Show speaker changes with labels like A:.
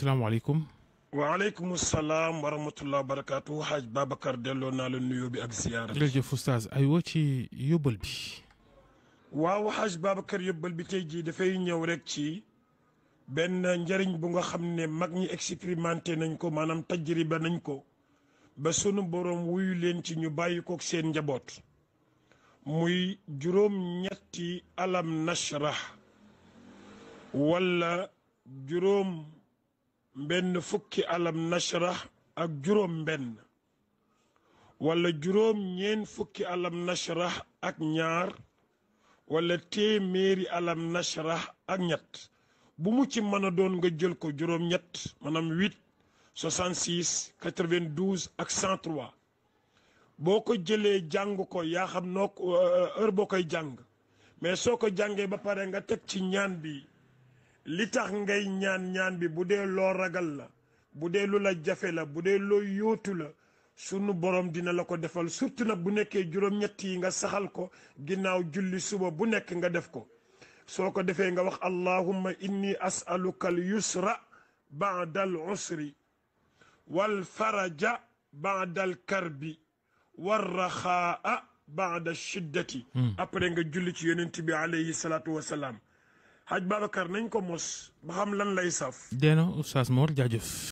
A: salaamaaleykum.
B: waaleykum salaam wa rahmatulah wa barakaatu Haaj Babacar delloo naa la nuyoo bi ak ziyaara. jërëjëf
A: oustaz aywa ci yóbbal bi.
B: waaw Haaj Babacar yóbbal bi tey jii dafay ñëw rekk ci benn njariñ bu nga xam ne mag ñi expérimenté nañ ko maanaam tajriba nañ ko ba sunu boroom wuyu leen ci ñu bàyyi kook seen njaboot. muy juróom ñetti alam nashrah wala juróom. benn fukki alam nashra ak juróom benn wala juróom ñeen fukki alam nashra ak ñaar wala téeméeri alam nashra ak ñett bu mu ci mën a doon nga jël ko juróom ñett maanaam 8 66 92 ak 103 boo ko jëlee jàng ko yaa xam noo euh, euh, heure boo koy jàng mais soo ko jàngee ba pare nga teg ci ñaan bi li tax ngay ñaan ñaan bi bu dee loo ragal la bu dee lu la jafe la bu dee loo yóotu sunu borom dina la ko defal surtout nag bu nekkee juróom-ñett nga saxal ko ginnaaw julli suba bu nekk nga def ko soo ko defee nga wax allahumma inni asaluka al yusra baada al usri wal faraja baada al karbi war raxaa baada shiddati hmm. après nga julli ci yonent bi alayhi salaatu wasalaam Haj Babacar nañ ko mos ba xam lan lay saf.
A: deena Oustaz Mor jaajëf.